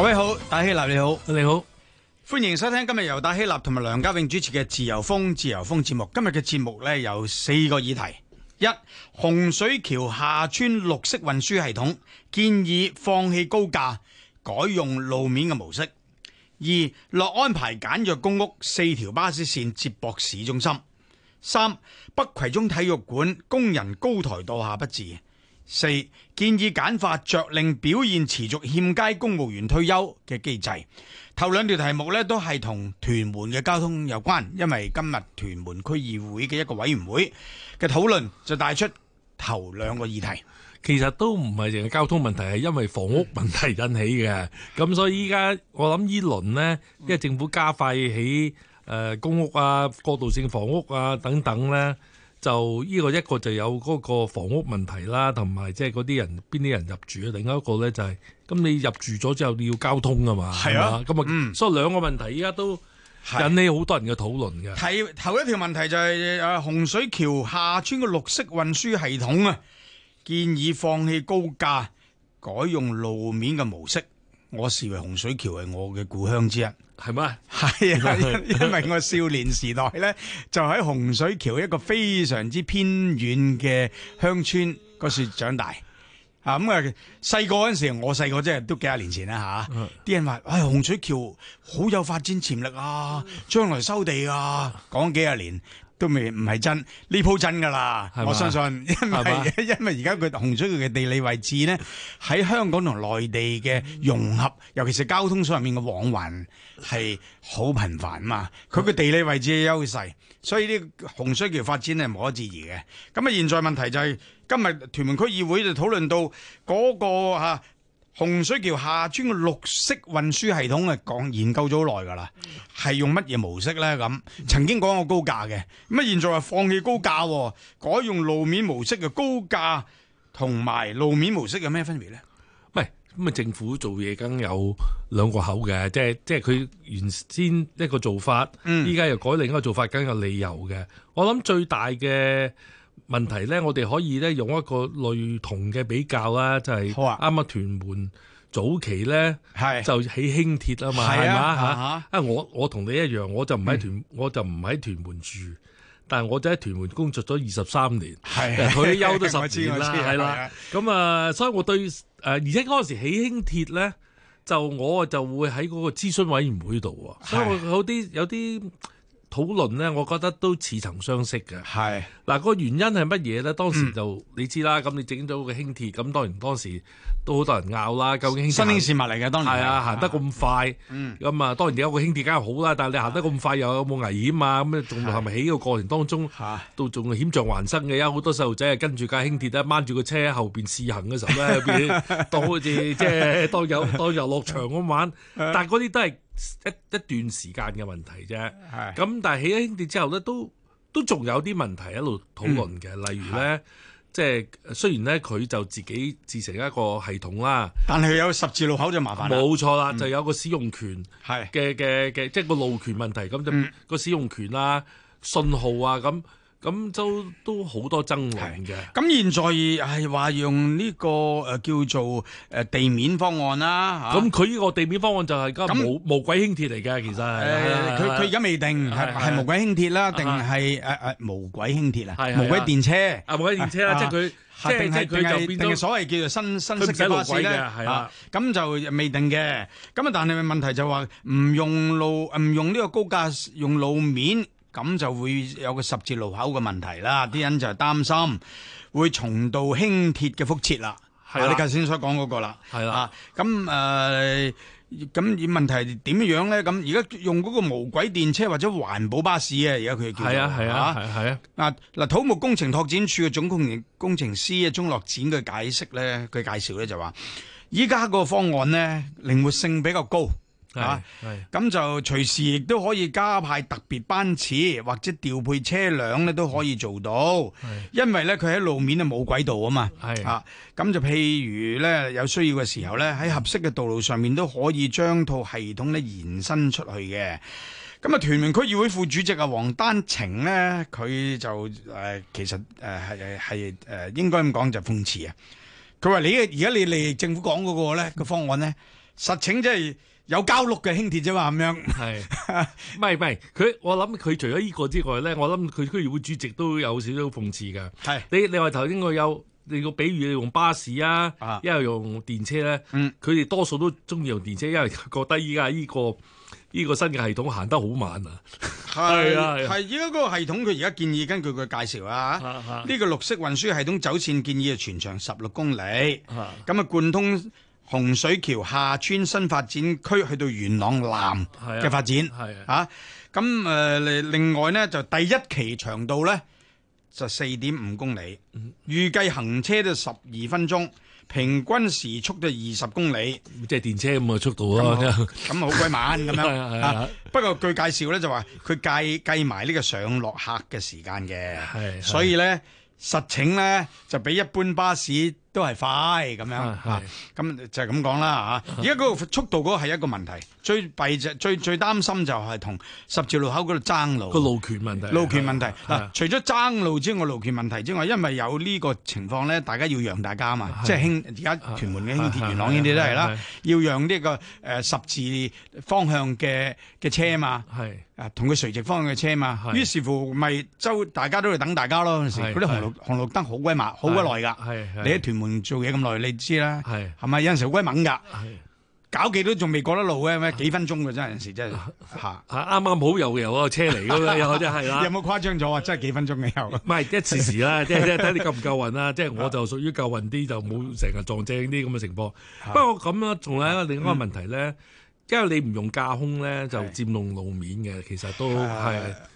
各位好，戴希立你好，你好，你好，歡迎收聽今日由戴希立同埋梁家永主持嘅《自由風自由風》節目。今日嘅節目呢，有四個議題：一、洪水橋廈村綠色運輸系統建議放棄高架改用路面嘅模式；二、樂安排簡約公屋，四條巴士綫接駁市中心；三、北葵涌體育館工人高台墮下不治。四建議簡化著令表現持續欠佳公務員退休嘅機制。頭兩條題目咧都係同屯門嘅交通有關，因為今日屯門區議會嘅一個委員會嘅討論就帶出頭兩個議題。其實都唔係淨係交通問題，係因為房屋問題引起嘅。咁所以依家我諗呢輪咧，因為政府加快起誒公屋啊、過渡性房屋啊等等咧，就呢個一個就有嗰個房屋問題啦，同埋即係嗰啲人，邊啲人入住啊？另一個呢、就係，就係咁，你入住咗之後你要交通啊嘛。係啊，咁啊，嗯、所以兩個問題依家都引起好多人嘅討論嘅。提頭一條問題就係、係、洪水橋廈村嘅綠色運輸系統啊，建議放棄高架，改用路面嘅模式。我視為洪水橋係我嘅故鄉之一，係咩嗎？係啊，因為我少年時代咧就喺洪水橋一個非常之偏遠嘅鄉村嗰時長大啊！咁啊細個嗰陣時，我細個即係都幾廿年前啦吓，啲人話，哎，洪水橋好有發展潛力啊，將來收地啊！講幾廿年。都未唔係真，呢鋪真噶啦，吧我相信，因為吧因為而家佢洪水橋嘅地理位置呢，喺香港同內地嘅融合，尤其是交通上面嘅往還係好頻繁嘛，佢嘅地理位置嘅優勢，所以呢洪水橋發展係無可置疑嘅。咁啊，現在問題就係、是、今日屯門區議會就討論到嗰、那個、啊洪水橋廈村嘅綠色運輸系統啊，講研究咗好耐噶啦，係用乜嘢模式咧？咁曾經講過高架嘅，咁啊現在話放棄高架，改用路面模式嘅高架同埋路面模式有咩分別咧？喂，咁啊，政府做嘢梗有兩個口嘅，即係即係佢原先一個做法，嗯，依家又改另一個做法，梗有理由嘅。我諗最大嘅。問題咧，我哋可以咧用一個類同嘅比較啊，就係啱啱屯門早期咧，啊、就起輕鐵啊嘛，係嘛啊？我我同你一樣，我就唔喺屯，嗯、我就唔喺屯門住，但我就喺屯門工作咗二十三年，係退的休咗十年啦，係啦。咁啊的，所以我對誒而且嗰陣時起輕鐵咧，就我就會喺嗰個諮詢委員會度喎，的所以我有啲有啲。討論咧，我覺得都似曾相識嘅。係嗱，個原因係乜嘢咧？當時就你知啦。咁你整咗個輕鐵，咁當然當時都好多人拗啦。究竟新興事物嚟嘅，當然係啊，行得咁快，咁啊，當然有個輕鐵梗係好啦。但係你行得咁快，又有冇危險啊？咁啊，仲係咪喺個過程當中都仲係險象環生嘅？有好多細路仔啊，跟住架輕鐵啊，掹住個車後邊試行嘅時候咧，當好似即係當有當遊樂場咁玩。但係嗰啲都係。一一段時間嘅問題啫，咁是但係起咗興跌之後咧，都都仲有啲問題喺度討論嘅，嗯、例如咧，即係是、就是、雖然咧佢就自己自成一個系統啦，但係有十字路口就麻煩，冇錯啦，嗯、就有個使用權係嘅嘅嘅，即係、嗯就是、個路權問題咁就個使用權啊、信、嗯、號啊咁。這咁都都好多爭議嘅。咁現在係話用呢個誒叫做誒地面方案啦。咁佢呢個地面方案就係咁無無軌輕鐵嚟嘅，其實。誒，佢佢而家未定，係係無軌輕鐵啦，定係誒誒無軌輕鐵啊？係無軌電車。啊，無軌電車啦，即係佢即係即係佢就變咗所謂叫做新新式嘅路軌啦。係啊，咁就未定嘅。咁啊，但係問題就話唔用路唔用呢個高架，用路面。咁就會有個十字路口嘅問題啦，啲人就係擔心會重蹈輕鐵嘅覆轍啦。係啊，你頭先所講嗰個啦，係、呃、啦。咁誒，咁問題點樣咧？咁而家用嗰個無軌電車或者環保巴士啊，而家佢叫係啊係啊，係啊。啊嗱，土木工程拓展署嘅總工程工程師鍾樂展嘅解釋咧，佢介紹咧就話依家個方案咧靈活性比較高。係咁就隨時亦都可以加派特別班次或者調配車輛咧，都可以做到。因為咧佢喺路面咧冇軌道啊嘛，係是啊，咁就譬如咧有需要嘅時候咧，喺合適嘅道路上面都可以將套系統咧延伸出去嘅。咁啊，屯門區議會副主席啊，黃丹晴咧，佢就誒，其實誒係係誒，應該咁講就諷刺啊。佢話你而家你嚟，政府講嗰個咧，個方案咧，實情即係。有交六嘅輕鐵啫嘛，咁樣。係，唔係唔係佢？我諗佢除咗依個之外咧，我諗佢區議會主席都有少少諷刺㗎。係是，你說有比如你話頭先該有你個比喻用巴士啊，啊，因為用電車咧、啊，佢哋、嗯、多數都中意用電車，因為覺得依家依個依、呢個新嘅系統行得好慢啊。係是啊，係、啊。而家嗰個系統佢而家建議，根據佢介紹啊，呢、啊啊、個綠色運輸系統走線建議係全長十六公里，咁啊貫通。洪水橋廈村新發展區去到元朗南嘅發展，咁、啊啊啊呃、另外呢，就第一期長度呢，就四點五公里，預計行車都十二分鐘，平均時速都二十公里，即係電車咁嘅速度啊！咁好鬼 慢咁樣，不過據介紹呢，就話佢計計埋呢個上落客嘅時間嘅，啊、所以呢，啊、實情呢，就比一般巴士。都係快咁樣，咁就係咁講啦吓，而家個速度嗰個係一個問題，最弊就最最擔心就係同十字路口嗰度爭路個路權問題。路權問題，嗱。除咗爭路之外，路權問題之外，因為有呢個情況咧，大家要讓大家嘛，即係輕而家屯門嘅輕鐵元朗呢啲都係啦，要讓呢個誒十字方向嘅嘅車嘛，係啊，同佢垂直方向嘅車嘛。於是乎咪周大家都要等大家咯陣時啲紅綠紅綠燈好鬼慢，好鬼耐㗎。你喺屯。做嘢咁耐，你知啦，係咪有陣時好鬼猛噶，的搞幾多仲未過得路嘅咩？幾分鐘嘅，真係有陣時真係啱啱冇油有啊車嚟咁樣，有冇，那個、 誇張咗啊？真係幾分鐘嘅油的？唔係即係時時啦，即係睇你夠唔夠運啦。 即係我就屬於夠運啲，就冇成日撞正啲咁嘅情況。的不過咁樣仲有一個另外一個問題咧，因為你唔用架空咧，就佔弄路面嘅，的其實都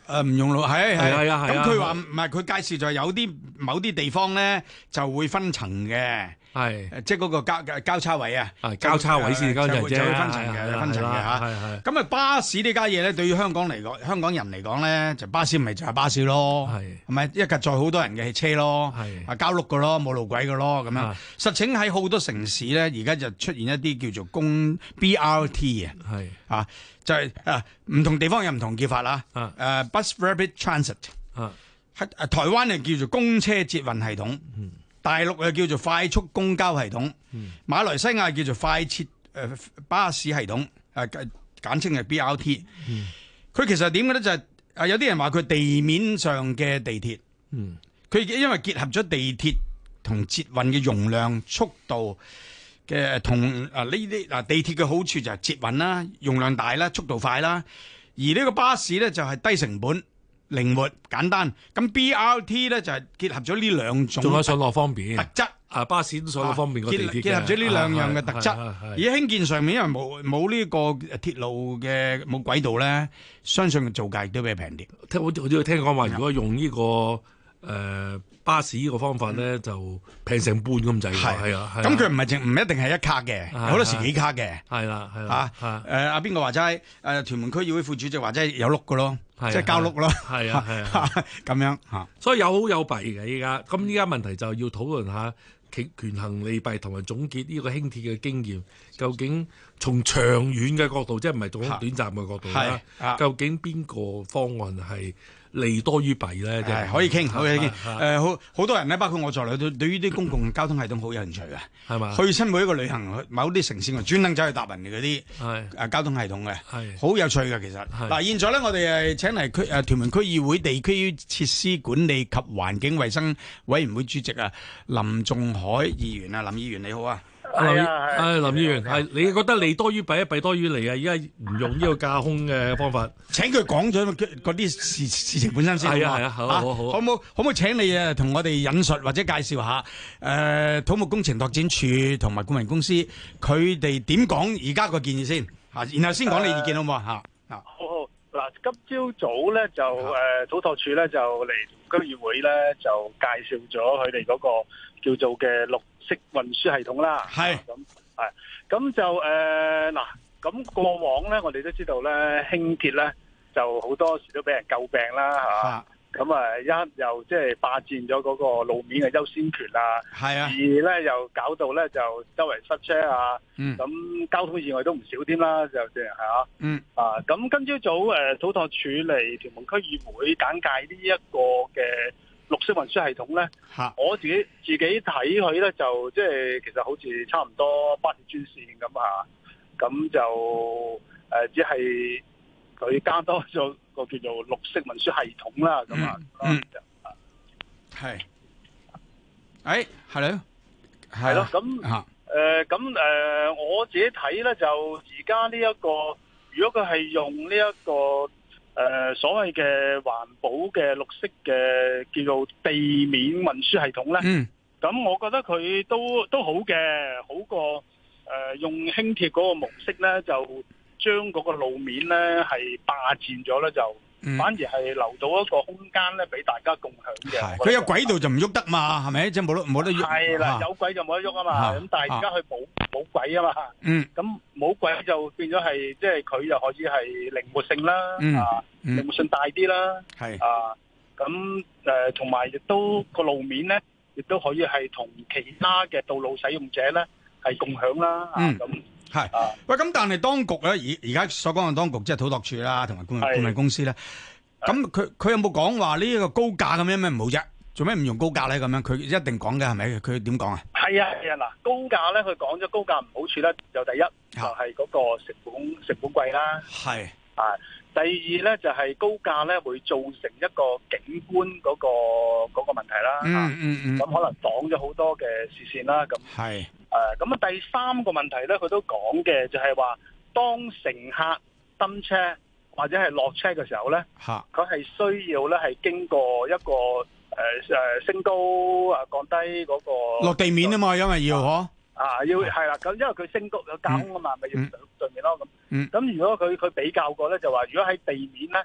誒唔、呃、用路係係係啊，咁佢話唔係，佢介紹就係有啲某啲地方咧就會分層嘅。係，即係嗰個交交叉位啊！交叉位先，交集啫。就分層嘅，分層嘅吓。咁啊，巴士呢家嘢咧，對於香港嚟講，香港人嚟講咧，就巴士唔咪就係巴士咯。係，係咪一架載好多人嘅汽車咯？係，啊，交碌嘅咯，冇路軌嘅咯，咁樣。實情喺好多城市咧，而家就出現一啲叫做公 BRT 啊。係啊，就係啊，唔同地方有唔同叫法啦。誒，Bus Rapid Transit 喺台灣就叫做公車捷運系統。大陸又叫做快速公交系統，馬來西亞叫做快捷誒、呃、巴士系統，誒、呃、簡稱係 BRT。佢、嗯、其實點嘅咧就係、是、誒有啲人話佢地面上嘅地鐵，佢因為結合咗地鐵同捷運嘅容量、速度嘅同、呃、啊呢啲啊地鐵嘅好處就係捷運啦、容量大啦、速度快啦，而呢個巴士咧就係低成本。靈活簡單，咁 BRT 咧就係、是、結合咗呢兩種，仲有上落方便特質啊！巴士都上落方便嘅地鐵，結合咗呢兩樣嘅特質。啊、而興建上面因為冇冇呢個鐵路嘅冇軌道咧，相信嘅造價亦都比較平啲。聽我我都聽講話，如果用呢、這個。誒巴士呢個方法咧就平成半咁滯喎，係啊，咁佢唔係淨唔一定係一卡嘅，好多時幾卡嘅，係啦，係啦。嚇誒，阿邊個話齋？屯門區議會副主席話齋有碌嘅咯，即係交碌咯，係啊，係啊，咁樣所以有好有弊嘅依家。咁依家問題就要討論下權衡利弊，同埋總結呢個輕鐵嘅經驗。究竟從長遠嘅角度，即係唔係從短暫嘅角度咧？究竟邊個方案係？利多於弊咧，係可以傾，可以傾。誒、呃，好好多人咧，包括我在內，對對於啲公共交通系統好有興趣嘅，係嘛吧？去親每一個旅行，某啲城市啊，專登走去搭人哋嗰啲誒交通系統嘅，係好是有趣嘅。是其實嗱，是現在咧，我哋係請嚟區誒屯門區議會地區設施管理及環境衛生委員會主席啊，林頌鎧議員啊，林議員你好啊！林，阿林議員，係你覺得利多於弊一弊多於利啊？而家唔用呢個架空嘅方法，請佢講咗嗰啲事事情本身先。係啊，係啊，好好好。可唔可可唔可請你啊，同我哋引述或者介紹下誒土木工程拓展署同埋顧問公司，佢哋點講而家個建議先啊？然後先講你意見好唔好啊？啊，好好嗱，今朝早咧就誒土拓署咧就嚟區議會咧就介紹咗佢哋嗰個叫做嘅六。式運輸系統啦，係咁是啊，咁就誒嗱，咁、呃、過往咧，我哋都知道咧，輕鐵咧就好多時都俾人詬病啦，嚇、啊，咁啊一又即係霸佔咗嗰個路面嘅優先權啊，係啊，二咧又搞到咧就周圍塞車啊，咁、嗯啊、交通意外都唔少添啦，就係嚇，啊，咁、嗯啊、今朝早誒土拓署嚟屯門區議會簡介呢一個嘅。綠色運輸系統咧，吓，我自己自己睇佢咧就即係其實好似差唔多巴士專線咁啊，咁就誒只係佢加多咗個叫做綠色運輸系統啦咁啊，係，誒係咯，係咯，咁誒咁誒我自己睇咧就而家呢一個，如果佢係用呢一個。誒、呃，所謂嘅環保嘅綠色嘅叫做地面運輸系統咧，咁、嗯、我覺得佢都都好嘅，好過誒、呃、用輕鐵嗰個模式咧，就將嗰個路面咧係霸佔咗咧就。反而係留到一個空間咧，俾大家共享嘅。佢有軌道就唔喐得嘛，係咪？即係冇得冇得喐。係啦，有軌就冇得喐啊嘛。咁但係而家佢冇冇軌啊嘛。嗯。咁冇軌就變咗係，即係佢就可以係靈活性啦。嗯。靈活性大啲啦。係。啊。咁誒，同埋亦都個路面咧，亦都可以係同其他嘅道路使用者咧係共享啦。嗯。係喂，咁但係當局咧，而而家所講嘅當局即係土拓署啦，同埋管理公司咧，咁佢佢有冇講話呢個高架咁樣咩唔好啫？做咩唔用高架咧？咁樣佢一定講嘅係咪？佢點講啊？係啊係啊，嗱，高架咧，佢講咗高架唔好處咧，就第一就係、是、嗰個成本成本貴啦，係的第二咧，就係高架咧會造成一個景觀嗰個嗰、嗰個問題啦咁、嗯嗯嗯、可能擋咗好多嘅視線啦，咁，咁是啊，第三個問題咧，佢都講嘅就係話，當乘客登車或者係落車嘅時候咧，佢係哈需要咧係經過一個誒、呃、升高啊降低嗰、嗰個落地面啊嘛，因為要呵。啊啊，要係啦，咁因為佢升高有架空啊嘛，咪要上上面咯咁。咁如果佢佢比較過咧，就話如果喺地面咧，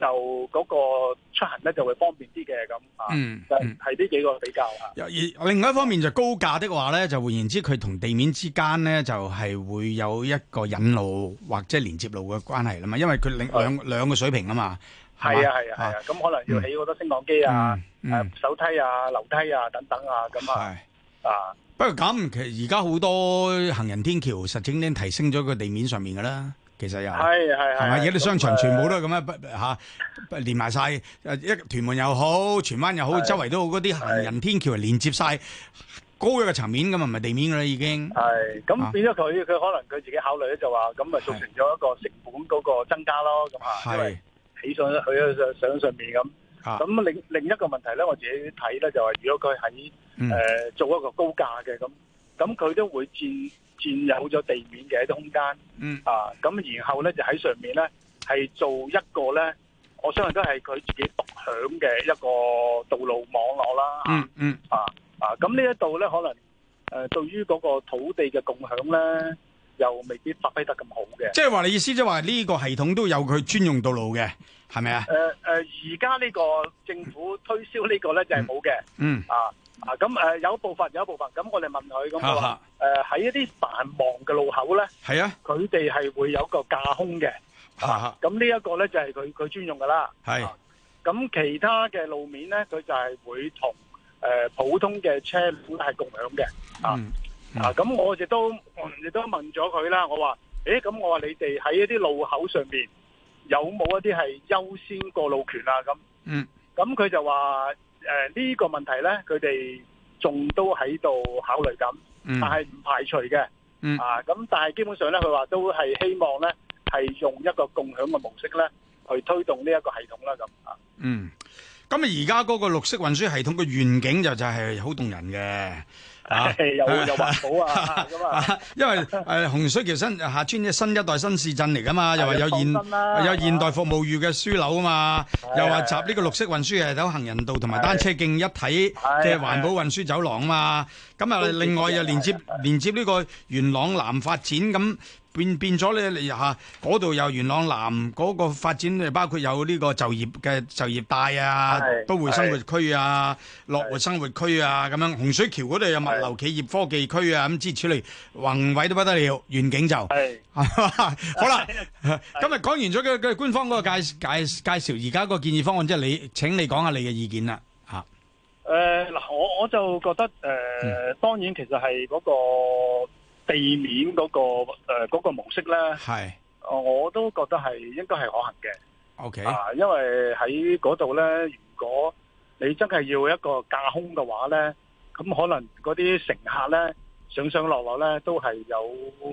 就嗰個出行咧就會方便啲嘅咁啊。就係呢幾個比較啊。而另外一方面就高架的話咧，就換言之，佢同地面之間咧就係會有一個引路或者連接路嘅關係啦嘛，因為佢兩兩個水平啊嘛。係啊係啊係啊，咁可能要起好多升降機啊、手梯啊、樓梯啊等等啊，咁啊啊。不過咁，其實而家好多行人天橋實已經提升咗個地面上面噶啦，其實又係，係咪而家啲商場全部都係咁咧吓？是啊、連埋晒誒，一是屯門又好，荃灣又好，周圍都好嗰啲行人天橋連接晒高一個層面，咁啊唔係地面噶啦已經。係，咁變咗佢，佢是可能佢自己考慮咧，就話咁咪造成咗一個成本嗰個增加咯，咁啊是，起上去啊上上上面咁。咁另、啊、另一個問題咧，我自己睇咧就係、是、如果佢喺誒做一個高架嘅咁，咁佢都會佔佔有咗地面嘅一啲空間，嗯啊，咁然後咧就喺上面咧係做一個咧，我相信都係佢自己獨享嘅一個道路網絡啦、啊嗯，嗯嗯啊啊，咁呢一度咧可能誒對於嗰個土地嘅共享咧。又未必發揮得咁好嘅，即係話你意思即係話呢個系統都有佢專用道路嘅，係咪啊？誒誒、呃，而家呢個政府推銷呢個咧就係冇嘅，嗯啊啊，咁誒有一部分有一部分，咁我哋問佢咁我誒喺一啲繁忙嘅路口咧，係啊，佢哋係會有一個架空嘅，嚇哈，咁呢一個咧就係佢佢專用噶啦，係是，咁、啊、其他嘅路面咧佢就係會同誒、呃、普通嘅車輛係共享嘅，啊。嗯。嗯、啊，咁我亦都我亦都問咗佢啦。我話，誒，咁我話你哋喺一啲路口上面有冇一啲係優先過路權啊？咁，嗯，咁佢就話，誒、呃，呢、這個問題咧，佢哋仲都喺度考慮緊，但係唔排除嘅，嗯，啊，咁但係基本上咧，佢話都係希望咧係用一個共享嘅模式咧去推動呢一個系統啦，咁啊，嗯。咁啊！而家嗰個綠色運輸系統嘅願景就就係好動人嘅，啊又又環保啊咁啊！因為誒洪水橋新廈村嘅新一代新市鎮嚟噶嘛，又話有現有現代服務業嘅樞紐啊嘛，又話集呢個綠色運輸系統行人道同埋單車徑一體嘅環保運輸走廊啊嘛，咁啊另外又連接連接呢個元朗南發展咁。變變咗咧，你嚇嗰度有元朗南嗰、嗰個發展，包括有呢個就業嘅就業帶啊，是都會生活區啊，樂活是生活區啊咁樣。洪水橋嗰度有物流企業科技區啊，咁之是類宏偉都不得了，遠景就係好啦。今日講完咗佢嘅官方嗰個介介介紹，而家個建議方案即係你請你講下你嘅意見啦嚇。誒嗱、呃，我我就覺得誒、呃，當然其實係嗰、嗰個。地面嗰個誒嗰個模式咧，係，我都覺得係應該係可行嘅。OK，啊，因為喺嗰度咧，如果你真係要一個架空嘅話咧，咁可能嗰啲乘客咧上上落落咧都係有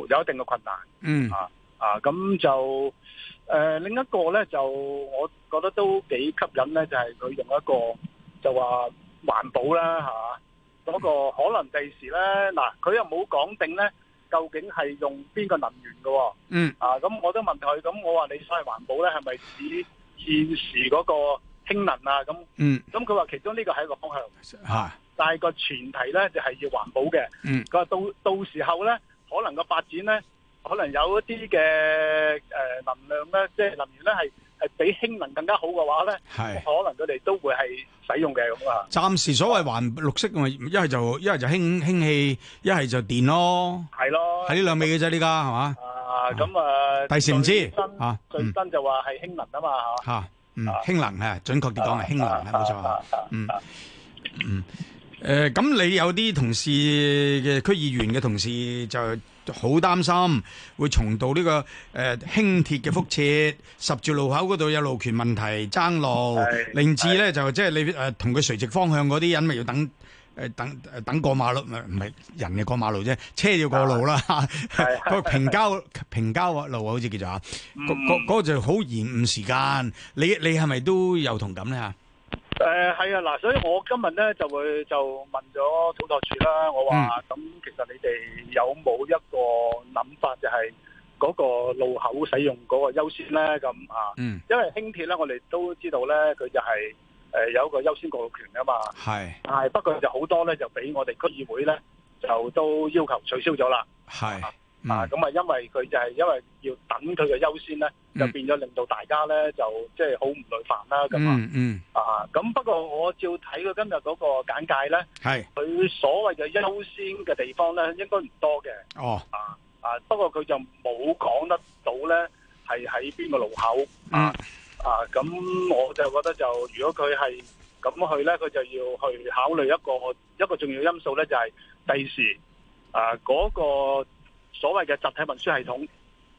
有一定嘅困難。嗯，啊啊，咁就誒另一個咧，就我覺得都幾吸引咧，就係佢用一個就話環保啦，吓，嗰個可能第時咧，嗱佢又冇講定咧。究竟係用邊個能源嘅、哦？嗯，啊，咁我都問佢，咁我話你所謂環保咧，係咪指現時嗰個氫能啊？咁，嗯，咁佢話其中呢個係一個方向，係、啊，但係個前提咧就係、是、要環保嘅，嗯，佢話到到時候咧，可能個發展咧，可能有一啲嘅誒能量咧，即、就、係、是、能源咧係。誒，比氫能更加好嘅話咧，可能佢哋都會係使用嘅咁啊。暫時所謂環綠色，咪一係就一係就氫氫氣，一係就電咯。係咯，係呢兩味嘅啫，呢家係嘛。啊，咁啊，第時唔知啊，最新就話係氫能啊嘛吓。吓，嗯，氫能啊，準確啲講係氫能啊，冇錯嗯，誒，咁你有啲同事嘅區議員嘅同事就。好擔心會重蹈呢、呢個誒、呃、輕鐵嘅覆轍，十字、嗯、路口嗰度有路權問題爭路，另志咧就即係你誒同佢垂直方向嗰啲人咪要等誒、呃、等誒等過馬路，唔係人嘅過馬路啫，車要過路啦，嗰、啊、 平交 平交路好似叫做啊，嗰、嗯、就好延誤時間。你你係咪都有同感咧啊？誒，係啊、嗯，嗱、嗯，所以我今日咧就會就問咗土拓署啦，我話咁，其實你哋有冇一個諗法，就係嗰個路口使用嗰個優先咧？咁啊，嗯，因為輕鐵咧，我哋都知道咧，佢就係誒有一個優先過路權啊嘛，係是，係，不過就好多咧就俾我哋區議會咧就都要求取消咗啦，係。啊，咁啊，因為佢就係因為要等佢嘅優先咧，就變咗令到大家咧就即係好唔耐煩啦，咁啊，啊，咁不過我照睇佢今日嗰個簡介咧，係佢所謂嘅優先嘅地方咧，應該唔多嘅。哦，啊啊，不過佢就冇講得到咧，係喺邊個路口啊啊，咁我就覺得就如果佢係咁去咧，佢就要去考慮一個一個重要因素咧，就係第時啊嗰個。所謂嘅集體運輸系統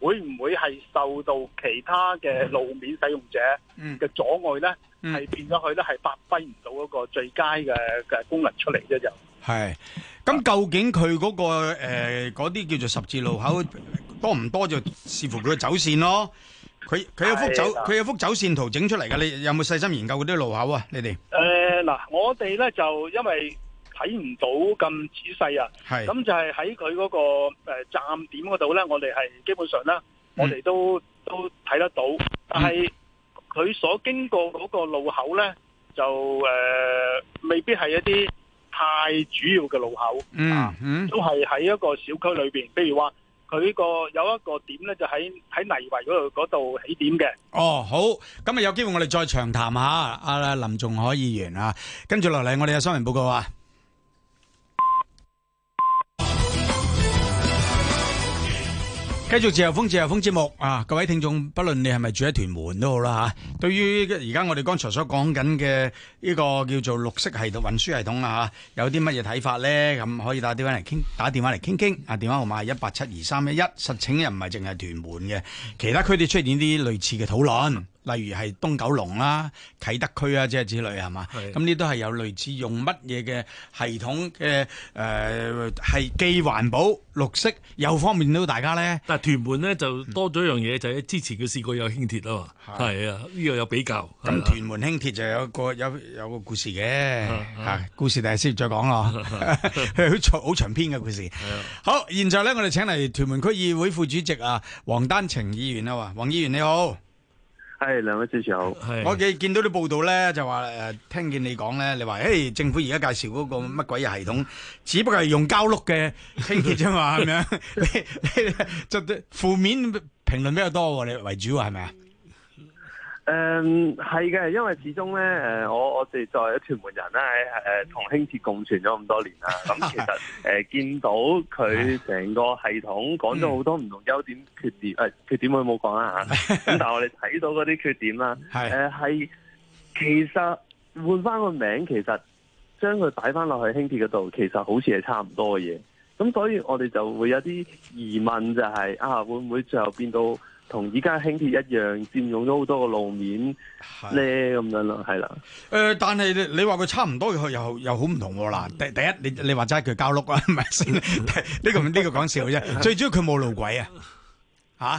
會唔會係受到其他嘅路面使用者嘅阻礙咧？係變咗佢咧係發揮唔到嗰個最佳嘅嘅功能出嚟啫？就係咁，究竟佢嗰個誒嗰啲叫做十字路口多唔多，就視乎佢嘅走線咯。佢佢有幅走佢有幅走線圖整出嚟嘅，你有冇細心研究嗰啲路口啊？你哋誒嗱，我哋咧就因為。睇唔到咁仔細啊！咁是就係喺佢嗰個、呃、站點嗰度咧，我哋係基本上咧，嗯、我哋都都睇得到。但係佢所經過嗰個路口咧，就誒、呃、未必係一啲太主要嘅路口。嗯、啊、嗯，都係喺一個小區裏面。譬如話佢個有一個點咧，就喺喺泥圍嗰度度起點嘅。哦，好，咁啊有機會我哋再長談下阿林頌鎧議員啊。跟住落嚟，我哋有新聞報告啊。繼續自由風自由風節目啊！各位聽眾，不論你係咪住喺屯門都好啦吓，對於而家我哋剛才所講緊嘅呢個叫做綠色運輸系統運輸系統啊吓，有啲乜嘢睇法咧？咁可以打電話嚟傾，打電話嚟傾傾啊！電話號碼係一八七二三一一，實情又唔係淨係屯門嘅，其他區都出現啲類似嘅討論。例如係東九龍啦、啟德區啊，即係、啊、之類係嘛，咁呢、啊、都係有類似用乜嘢嘅系統嘅誒，係、呃、既環保、綠色又方便到大家咧。但係屯門咧就多咗一樣嘢，嗯、就係之前佢試過有輕鐵啊嘛，係啊，呢、啊這個有比較。咁、啊、屯門輕鐵就有個有有個故事嘅吓，啊啊、故事第日先再講咯，好長好長篇嘅故事。啊、好，現在咧我哋請嚟屯門區議會副主席啊，黃丹晴議員啊，黃議員你好。係，兩位主持好，哎、的我見見到啲報道咧就話誒、呃，聽見你講咧，你話誒，政府而家介紹嗰個乜鬼嘢系統，只不過係用膠碌嘅清潔啫嘛，係咪啊？你你 就負面評論比較多，你為主係咪啊？是不是誒，係嘅、嗯，因為始終咧，誒，我我哋作為一屯門人咧，誒、呃，同輕鐵共存咗咁多年啦，咁 其實誒、呃，見到佢成個系統講咗好多唔同優點缺點，誒， 缺點我冇講啦吓，咁但係我哋睇到嗰啲缺點啦，誒，係其實換翻個名，其實將佢擺翻落去輕鐵嗰度，其實好似係差唔多嘅嘢，咁所以我哋就會有啲疑問就係、是，啊，會唔會最後變到？同依家輕鐵一樣佔用咗好多個路面咧咁樣咯，係啦。誒，但係你你話佢差唔多，佢又又好唔同喎嗱。第第一，你你話齋佢膠轆啊，係咪先？呢個呢個講笑啫。最主要佢冇路軌啊，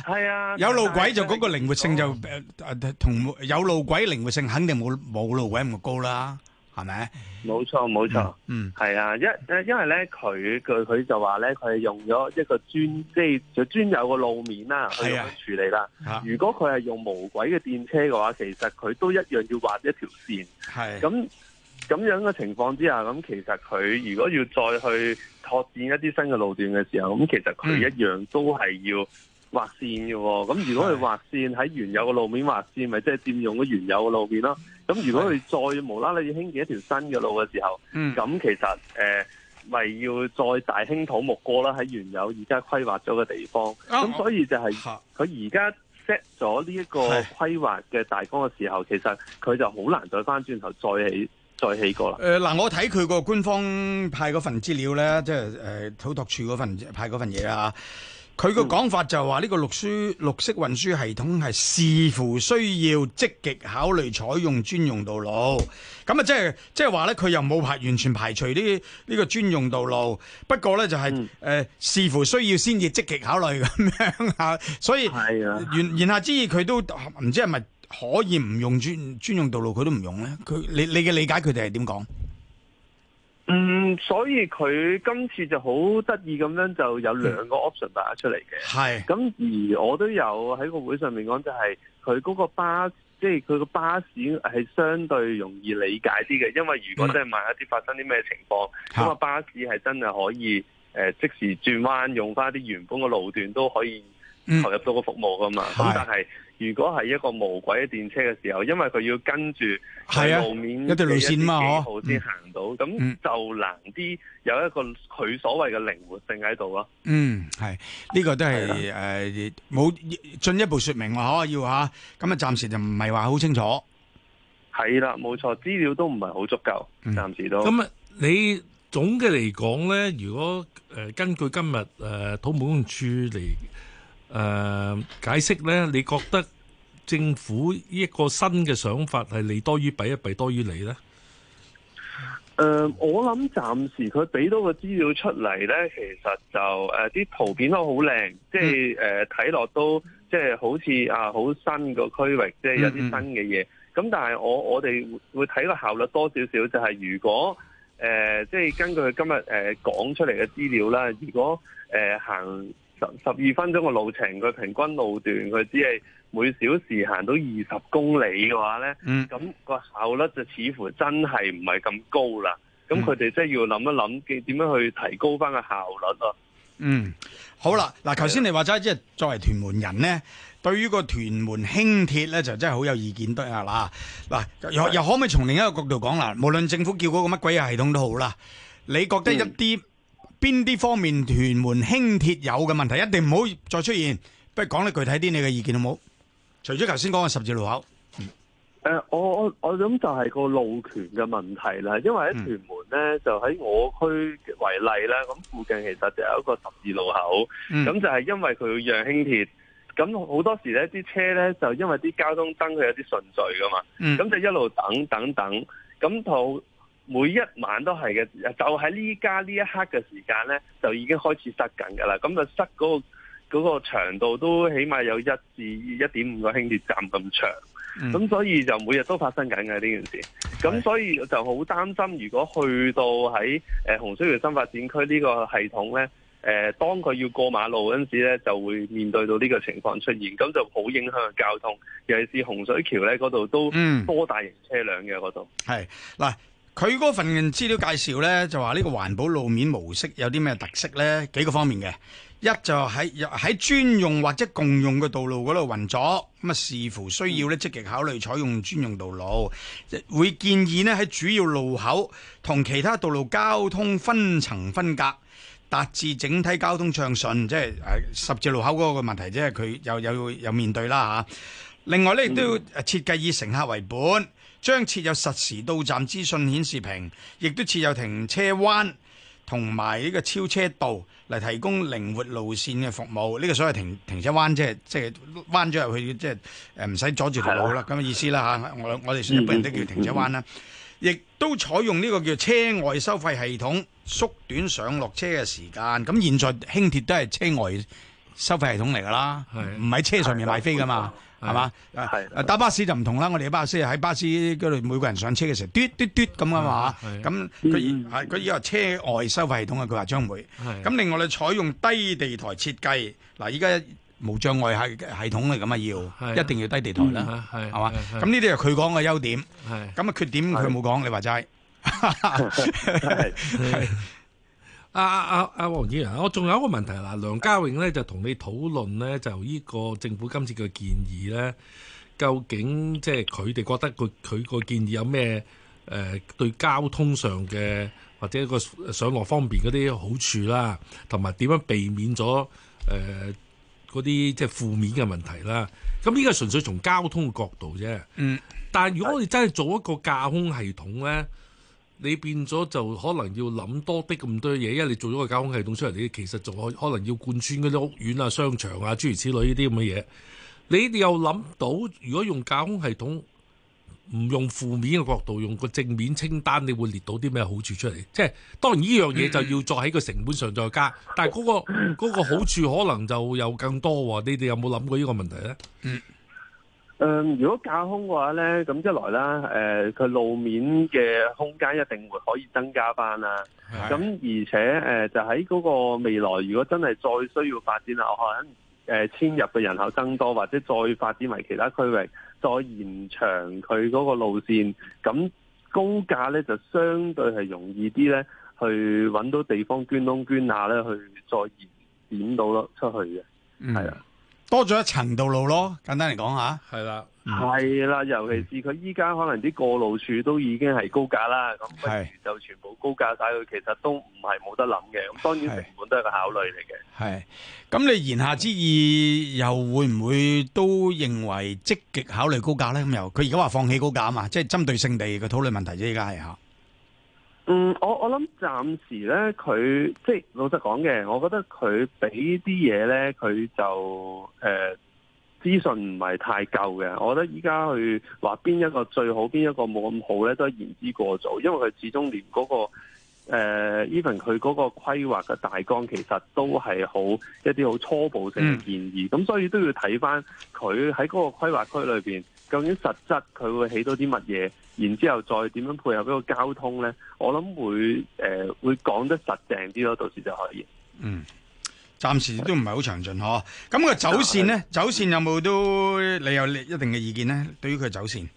嚇？係啊，有路軌就嗰個靈活性就誒誒，同有路軌靈活性肯定冇冇路軌咁高啦。係咪？冇錯冇錯，沒錯沒錯，嗯，係啊，因誒，因為咧，佢佢佢就話咧，佢係用咗一個專，即係就專、是、有嘅路面啦去去處理啦。是的如果佢係用無軌嘅電車嘅話，其實佢都一樣要劃一條綫。係咁咁樣嘅情況之下，咁其實佢如果要再去拓展一啲新嘅路段嘅時候，咁其實佢一樣都係要。劃線嘅，咁如果佢劃線喺原有嘅路面劃的線，咪即係佔用咗原有嘅路面咯。咁如果佢再無啦啦要興建一條新嘅路嘅時候，咁、嗯、其實誒，咪、呃、要再大興土木過啦。喺原有而家規劃咗嘅地方，咁、啊、所以就係佢而家 set 咗呢一個規劃嘅大綱嘅時候，的其實佢就好難再翻轉頭再起再起過啦。誒，嗱，我睇佢個官方派嗰份資料咧，即係誒土拓署嗰份派嗰份嘢啊。佢個講法就話呢個綠書綠色運輸系統係視乎需要積極考慮採用專用道路，咁啊即係即係話咧，佢又冇排完全排除呢呢個專用道路，不過咧就係、是、誒、嗯呃、視乎需要先至積極考慮咁樣、啊、所以，言下之意佢都唔知係咪可以唔用專、專用道路，佢都唔用咧，佢你你嘅理解佢哋係點講？嗯，所以佢今次就好得意咁樣，就有兩個 option 打出嚟嘅。係咁、嗯、而我都有喺個會上面講，就係佢嗰個巴即係佢個巴士係、就是、相對容易理解啲嘅，因為如果真係萬一啲發生啲咩情況，咁、嗯、巴士係真係可以誒、呃、即時轉彎用翻啲原本嘅路段都可以。嗯、投入到個服務噶嘛咁，是啊、但係如果係一個無軌電車嘅時候，因為佢要跟住路面的一條路線嘛，嗬，先行到咁、嗯、就難啲有一個佢所謂嘅靈活性喺度咯。嗯，係呢、這個都係誒冇進一步說明啊，嗬，要吓咁啊，暫時就唔係話好清楚。係啦、啊，冇錯，資料都唔係好足夠，暫時都咁啊。嗯、你總嘅嚟講咧，如果誒、呃、根據今日誒、呃、土木工程處嚟。誒、呃、解釋呢，你覺得政府一個新嘅想法係利多於弊一弊多於利呢？呃、我諗暫時佢俾到個資料出嚟呢，其實就誒啲、呃、圖片都好靚，嗯呃，即係誒睇落都即係好似啊好新個區域，即係有啲新嘅嘢。咁、嗯嗯、但係我我哋會睇個效率多少少，就係、是、如果誒、呃、即係根據今日誒、呃、講出嚟嘅資料啦，如果誒、呃、行。十十二分鐘嘅路程，佢平均路段佢只係每小時行到二十公里嘅話呢，咁個效率就似乎真係唔係咁高啦。咁佢哋真係要諗一諗，點點樣去提高翻個效率咯？嗯，好啦，嗱，頭先你話齋即係作為屯門人呢，對於個屯門輕鐵呢，就真係好有意見得啊啦。嗱，又是的 又可唔可以從另一個角度講啦？無論政府叫嗰個乜鬼嘢系統都好啦，你覺得一啲？嗯邊啲方面屯門輕鐵有嘅問題，一定唔好再出現。不如講你具體啲，你嘅意見好冇？除咗頭先講嘅十字路口，誒，我我我諗就係個路權嘅問題啦。因為喺屯門咧，就喺我區為例咧，咁附近其實就有一個十字路口，咁就係因為佢要讓輕鐵，咁好多時咧啲車咧就因為啲交通燈佢有啲順序噶嘛，咁就一路等等等，咁到。每一晚都係嘅，就喺呢家呢一刻嘅時間呢，就已經開始塞緊㗎啦。咁就塞嗰、嗰個嗰、嗰個、長度都起碼有一至一點五個輕鐵站咁長。咁、嗯、所以就每日都發生緊嘅呢件事。咁所以就好擔心，如果去到喺誒、呃、洪水橋新發展區呢個系統呢，誒、呃、當佢要過馬路嗰陣時呢，就會面對到呢個情況出現，咁就好影響交通。尤其是洪水橋呢嗰度都多大型車輛嘅嗰度，係嗱、嗯。裡佢嗰份資料介紹呢，就話呢個環保路面模式有啲咩特色呢？幾個方面嘅，一就喺喺專用或者共用嘅道路嗰度運作，咁啊視乎需要呢積極考慮採用專用道路，會建議呢喺主要路口同其他道路交通分層分隔，達至整體交通暢順，即係十字路口嗰個問題，即係佢有有，有面對啦嚇，另外呢都要設計以乘客為本。將設有實時到站資訊顯示屏，亦都設有停車彎同埋呢個超車道嚟提供靈活路線嘅服務。呢、呢個所謂停停車彎，即係即係彎咗入去，即係誒唔使阻住條路啦。咁嘅的意思啦吓，我我哋本地人都叫停車彎啦。亦、嗯嗯、都採用呢個叫車外收費系統，縮短上落車嘅時間。咁現在輕鐵都係車外收費系統嚟噶啦，唔喺的車上面買飛噶嘛。係嘛？啊係！啊打巴士就唔同啦，我哋巴士喺巴士嗰度，每個人上車嘅時候，嘟嘟嘟咁啊嘛。咁佢係佢以為車外收費系統啊，佢話將會。咁另外，你採用低地台設計，嗱，依家無障礙係系統嚟咁啊，要一定要低地台啦，係嘛。咁呢啲係佢講嘅優點。咁啊缺點佢冇講，你話齋。啊啊啊啊！黃議員，我仲有一個問題啦。梁家榮咧就同你討論咧，就呢個政府今次嘅建議咧，究竟即係佢哋覺得佢佢個建議有咩誒、呃、對交通上嘅或者一個上落方便嗰啲好處啦，同埋點樣避免咗誒嗰啲即係負面嘅問題啦？咁呢個純粹從交通嘅角度啫。嗯。但係如果我哋真係做一個架空系統咧？你變咗就可能要諗多啲咁多嘢，因為你做咗個架空系統出嚟，你其實仲可可能要貫穿嗰啲屋苑啊、商場啊諸如此類呢啲咁嘅嘢。你哋又諗到，如果用架空系統，唔用負面嘅角度，用個正面清單，你會列到啲咩好處出嚟？即係當然呢樣嘢就要再喺個成本上再加，但係嗰個嗰個好處可能就又更多喎。你哋有冇諗過呢個問題呢？嗯誒、嗯，如果架空嘅話咧，咁一來啦，誒、呃，佢路面嘅空間一定會可以增加返啦。咁的而且誒、呃，就喺嗰個未來，如果真係再需要發展，我可能誒遷、呃、入嘅人口增多，或者再發展為其他區域，再延長佢嗰個路線，咁高架咧就相對係容易啲咧，去搵到地方捐窿捐罅咧，去再延展到咯出去嘅，係啊、嗯。多咗一層道路咯，簡單嚟講吓，係啦了，係啦、嗯，尤其是佢依家可能啲過路處都已經係高架啦，咁不如就全部高架晒佢，是其實都唔係冇得諗嘅，咁當然成本都係個考慮嚟嘅。係，咁你言下之意又會唔會都認為積極考慮高架咧？咁又，佢而家話放棄高架啊嘛，即係針對性地嘅討論問題啫，依家係吓。嗯，我我諗暫時咧，佢即係老實講嘅，我覺得佢俾啲嘢咧，佢就誒資訊唔係太夠嘅。我覺得依家去話邊一個最好，邊一個冇咁好咧，都係言之過早。因為佢始終連嗰、嗰個誒 even 佢嗰個規劃嘅大綱，其實都係好一啲好初步性嘅建議。咁、嗯、所以都要睇翻佢喺嗰個規劃區裏邊。究竟實質佢會起多啲乜嘢，然之後再點樣配合嗰個交通呢？我諗會誒、呃、會講得實淨啲咯，到時就可以。嗯，暫時都唔係好詳盡嗬。咁的、哦嗰個走線呢？的走線有冇都你有一定嘅意見呢？對於佢走線，誒、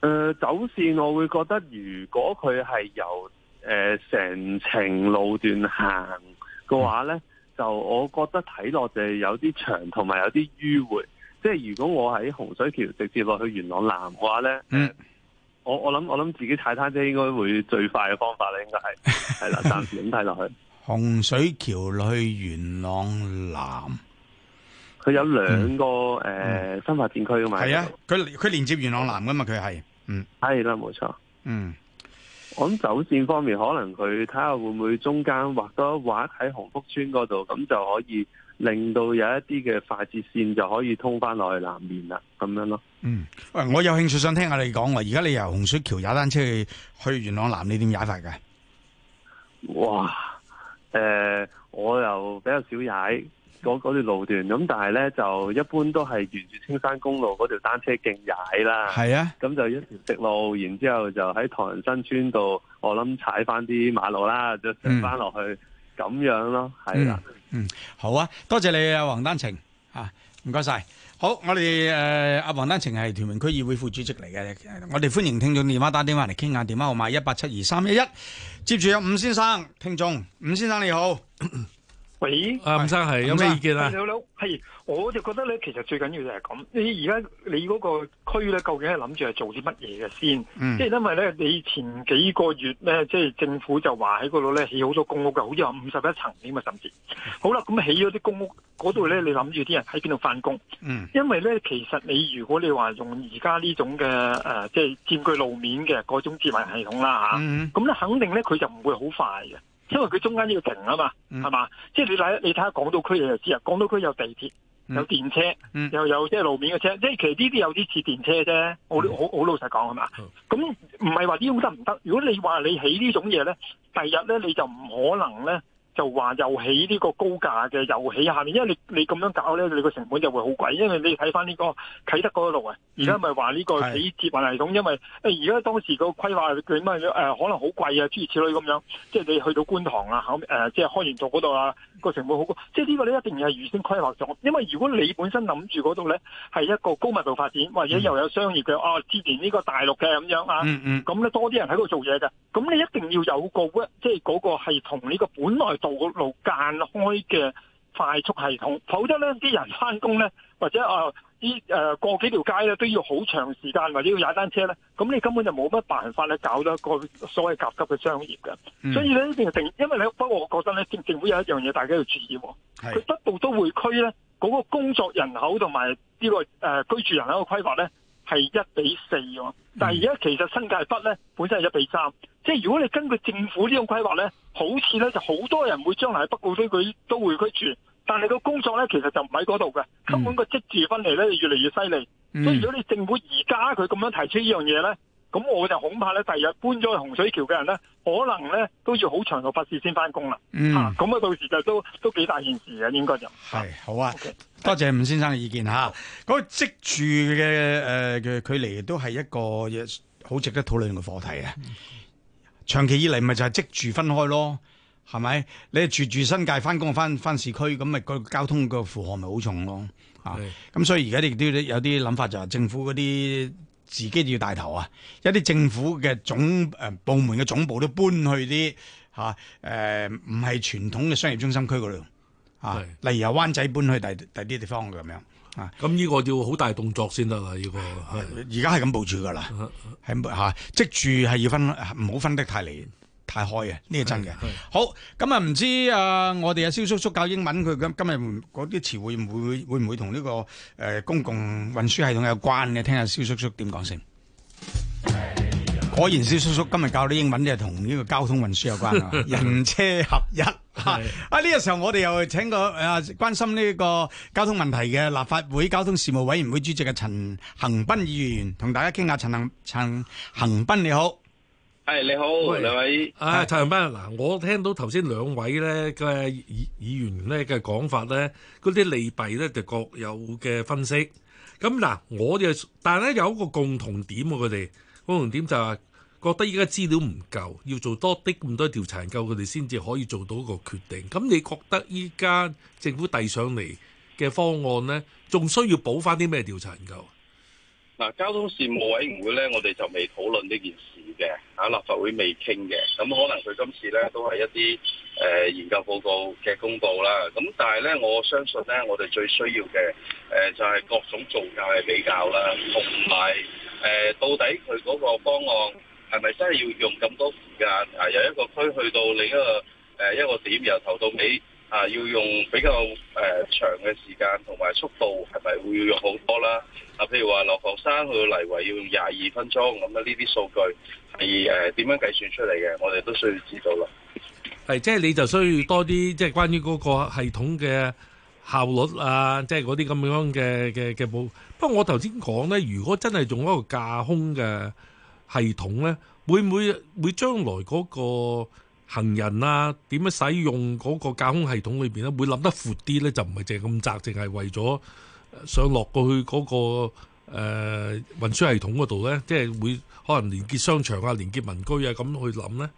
呃、走線我會覺得，如果佢係由誒成、呃、程路段行嘅話呢，嗯、就我覺得睇落就有啲長同埋有啲迂回。即係如果我喺洪水橋直接落去元朗南嘅話呢，嗯，我想我諗我諗自己踩單車應該會最快嘅方法啦，應該係係啦，暫時咁睇落去。 洪水橋去元朗南，佢有兩個誒新發展區嘅嘛係啊，佢佢連接元朗南噶嘛，佢係嗯係啦，冇錯嗯。錯嗯，我諗走線方面，可能佢睇下會唔會中間畫多畫喺洪福村嗰度，咁就可以。令到有一啲嘅快捷線就可以通翻落去南面啦，咁樣咯。嗯，誒，我有興趣想聽下你講。而家你由洪水橋踩單車去元朗南，你點踩法嘅？哇！誒、呃，我又比較少踩嗰嗰路段，咁但係咧就一般都係沿住青山公路嗰條單車徑踩啦。係啊，咁就一條直路，然之後就喺唐人新村度，我諗踩翻啲馬路啦，就直翻落去，咁、嗯、樣咯，係啦。嗯嗯。嗯，好啊，多謝你黃丹啊，黃丹晴啊，唔該晒。好，我哋誒阿黃丹晴係屯門區議會副主席嚟嘅，我哋歡迎聽眾電話打電話嚟傾下，電話號碼一八七二三一一。1, 8, 7, 2, 3, 1, 1接住有伍先生，聽眾伍先生你好。 喂，阿吳生係有咩意見啊？係，我就覺得咧，其實最緊要就係咁。你而家你嗰個區咧，究竟係諗住係做啲乜嘢嘅先？即係、嗯、因為咧，你前幾個月咧，即係政府就話喺嗰度咧起好多公屋嘅，好似話五十一層添啊，甚至，好啦，咁起咗啲公屋，嗰度咧你諗住啲人喺邊度翻工？嗯、因為咧，其實你如果你話用而家呢種嘅誒，即係佔據路面嘅嗰種智慧系統啦吓，咁咧、嗯嗯啊、肯定咧佢就唔會好快嘅。因為佢中間要停啊嘛，係嘛、嗯？即係你睇，你睇下港島區你就知啦。港島區有地鐵，有電車，嗯、又有即係路面嘅車。嗯、即係其實呢啲有啲似電車啫。我好好、嗯、老實講係嘛？咁唔係話呢種得唔得？如果你話你起呢種嘢咧，第日咧你就唔可能咧。就話又起呢個高架嘅又起下面，因為你你咁樣搞咧，你個成本就會好貴。因為你睇翻呢個啟德嗰度啊，而家咪話呢個起捷運系統，因為誒而家當時個規劃佢啊，可能好貴啊，諸如此類咁樣。即係你去到觀塘啊，即係開源道嗰度啊，個成本好高。即係呢個你一定要係預先規劃咗，因為如果你本身諗住嗰度咧係一個高密度發展，或者又有商業嘅啊、哦，之前呢個大陸嘅咁樣啊，咁咧多啲人喺度做嘢嘅，咁你一定要有個即係嗰個係同呢個本來。路間開嘅快速系統，否則呢啲人翻工呢，或者啊啲誒過幾條街咧都要好長時間，或者要踩單車呢。咁你根本就冇乜辦法咧搞到一個所謂甲級嘅商業嘅。所以呢因為咧，不過我覺得咧，政府有一樣嘢，大家要注意，佢北部都會區呢，嗰、嗰個工作人口同埋呢個誒、呃、居住人口嘅規劃呢，係一比四喎，但係而家其實新界北呢，本身係一比三，即係如果你根據政府呢種規劃呢，好似呢就好多人會將來喺北部都會區都會居住，但係個工作呢，其實就唔喺嗰度嘅，根本個職住分離呢越嚟越犀利，所以如果你政府而家佢咁樣提出呢樣嘢呢。咁我就恐怕咧，第日搬咗去洪水橋嘅人咧，可能咧都要好長嘅跋涉先翻工啦。嗯，咁啊，到時就都都幾大件事嘅，應該就係好啊。Okay 多謝吳是先生嘅意見吓。嗰好個職住嘅誒嘅距離都係一個嘢好值得討論嘅課題啊。嗯、長期以嚟咪就係職住分開咯，係咪？你住住新界，翻工翻翻市區，咁、那、咪個交通個負荷咪好重咯？是啊，咁所以而家亦都有啲諗法就係政府嗰啲。自己要帶頭啊！一啲政府嘅總、呃、部門嘅總部都搬去啲嚇，呃，唔係傳統嘅商業中心區嗰度啊，是例如由灣仔搬去第第啲地方咁樣啊，咁呢個要好大動作先得啦，呢、呢個而家係咁部署噶啦、 啊，即住係要分，唔好分得太離。太開嘅，呢個真嘅。好，咁、嗯、啊，唔知啊，我哋阿蕭叔叔教英文，佢咁今日嗰啲詞會唔會會唔會同呢、這個誒、呃、公共運輸系統有關嘅？聽下蕭叔叔點講先。哎、呀果然，蕭叔叔今日教啲英文，都係同呢個交通運輸有關啊， 人車合一是啊，呢、這個時候我哋又請個啊關心呢個交通問題嘅立法會交通事務委員會主席嘅陳恒鑌議員，同大家傾下。陳恒陳恒鑌你好。係你好，兩喂位。啊，陳恒鑌，嗱、啊，我聽到頭先兩位咧嘅議議員咧嘅講法咧，嗰啲利弊咧，就各有嘅分析。咁嗱，我哋但係咧有一個共同點啊，佢哋共同點就係覺得依家資料唔夠，要做多啲咁多調查研究，佢哋先至可以做到一個決定。咁你覺得依家政府遞上嚟嘅方案咧，仲需要補翻啲咩調查研究？嗱、啊，交通事務委員會咧，我哋就未討論呢件事。嘅立法會未傾嘅，咁可能佢今次咧都係一啲、呃、研究報告嘅公布啦。咁但係咧，我相信咧，我哋最需要嘅、呃、就係、是、各種造價嘅比較啦，同埋、呃、到底佢嗰個方案係咪真係要用咁多時間啊、呃？由一個區去到另一個、呃、一個點，由頭到尾。啊！要用比較誒、呃、長嘅時間同埋速度，係咪會要用好多啦？啊，譬如話落鵝山去到泥圍要用廿二分鐘咁樣，呢啲數據係誒點樣計算出嚟嘅？我哋都需要知道咯。係，即、就、係、係、你就需要多啲即係關於嗰個系統嘅效率啊，即係嗰啲咁樣嘅嘅嘅冇。不過我頭先講咧，如果真係用一個架空嘅系統咧，會唔會會將來嗰、嗰個？行人啦，點樣使用嗰個架空系統裏邊咧？會諗得闊啲咧，就唔係淨係咁窄，淨係為咗想落過去嗰個誒運輸系統嗰度咧，即係會可能連結商場啊、連結民居啊咁去諗咧。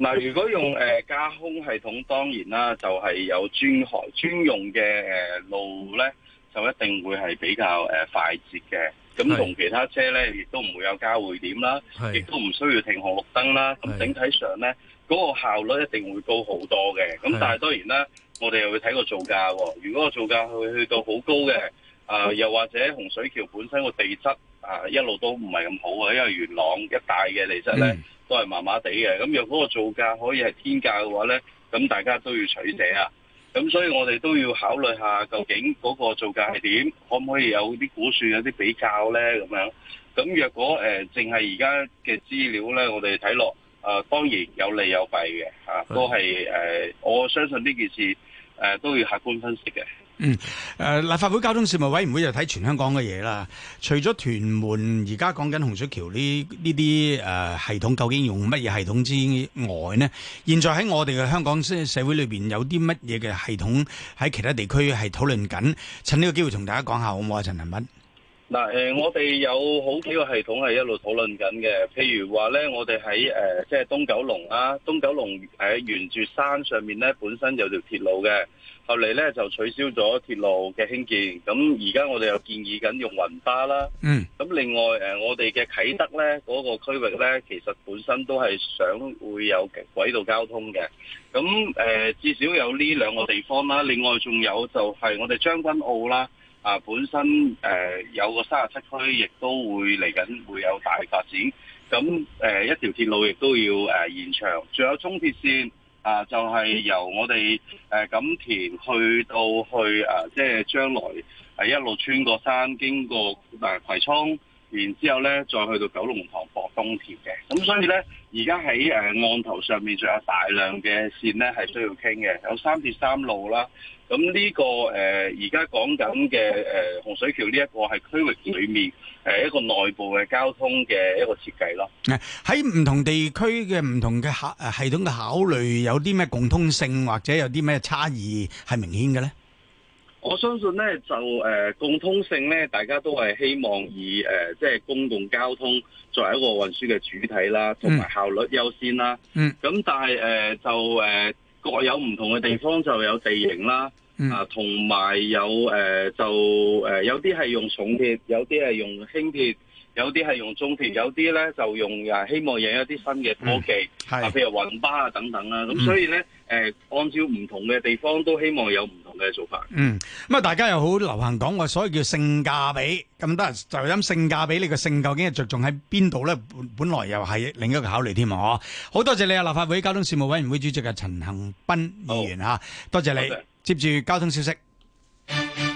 嗱，如果用誒架空系統，當然啦，就係有專項專用嘅誒路咧，就一定會係比較誒快捷嘅。咁同其他車咧，亦都唔會有交匯點啦，亦都唔需要停紅綠燈啦。咁整體上咧，嗰個效率一定會高好多嘅，咁的但係當然啦，我哋又會睇個造價喎、哦。如果個造價去去到好高嘅、呃，又或者洪水橋本身個地質啊一路都唔係咁好嘅，因為元朗一帶嘅地質咧都係麻麻地嘅。咁若、嗯、果個造價可以係天價嘅話咧，咁大家都要取捨啊。咁所以我哋都要考慮下究竟嗰個造價係點，可唔可以有啲估算、有啲比較咧咁樣。咁若果誒淨係而家嘅資料咧，我哋睇落。誒、呃、當然有利有弊嘅嚇，都係誒、呃、我相信呢件事誒、呃、都要客觀分析嘅。嗯，誒、呃、立法會交通事務委員會就睇全香港嘅嘢啦。除咗屯門而家講緊洪水橋呢呢啲誒系統，究竟用乜嘢系統之外呢？現在喺我哋嘅香港社會裏邊，有啲乜嘢嘅系統喺其他地區係討論緊？趁呢個機會同大家講下好唔好啊？陳恒鑌。嗱誒、啊呃，我哋有好幾個系統係一路討論緊嘅，譬如話咧，我哋喺誒即係東九龍啊，東九龍誒沿住山上面咧，本身有條鐵路嘅，後嚟咧就取消咗鐵路嘅興建，咁而家我哋又建議緊用雲巴啦，嗯，咁另外誒、呃、我哋嘅啟德咧嗰、那個區域咧，其實本身都係想會有軌道交通嘅，咁誒、呃、至少有呢兩個地方啦，另外仲有就係我哋將軍澳啦。啊，本身誒有個三十七區，亦都會嚟緊會有大發展。咁誒一條鐵路亦都要誒延長，仲有中鐵線啊，就係由我哋誒錦田去到去啊，即係將來係一路穿過山，經過誒葵涌。然之後咧，再去到九龍塘駁東鐵嘅，咁所以咧，而家喺案頭上面仲有大量嘅線咧，係需要傾嘅，有三鐵三路啦。咁呢、呢個而家講緊嘅洪水橋呢一個係區域裏面、呃、一個內部嘅交通嘅一個設計咯。喺唔同地區嘅唔同嘅考系統嘅考慮，有啲咩共通性或者有啲咩差異係明顯嘅咧？我相信咧就誒、呃、共通性咧，大家都係希望以誒即係公共交通作為一個運輸嘅主體啦，同埋效率優先啦。嗯。咁但係誒、呃、就誒、呃、各有唔同嘅地方就有地形啦，嗯、啊同埋有誒、呃、就誒、呃、有啲係用重鐵，有啲係用輕鐵，有啲係用中鐵，嗯、有啲咧就用誒、呃、希望有一啲新嘅科技，啊譬、嗯、如雲巴啊等等啦。咁所以咧誒、呃、按照唔同嘅地方都希望有唔。做法，嗯，咁啊，大家又好流行講我，所謂叫性價比咁得，就咁性價比，你個性究竟係着重喺邊度咧？本本來又係另一個考慮添啊！好多謝你啊，立法會交通事務委員會主席嘅陳恒鑌議員好多謝你，的接住交通消息。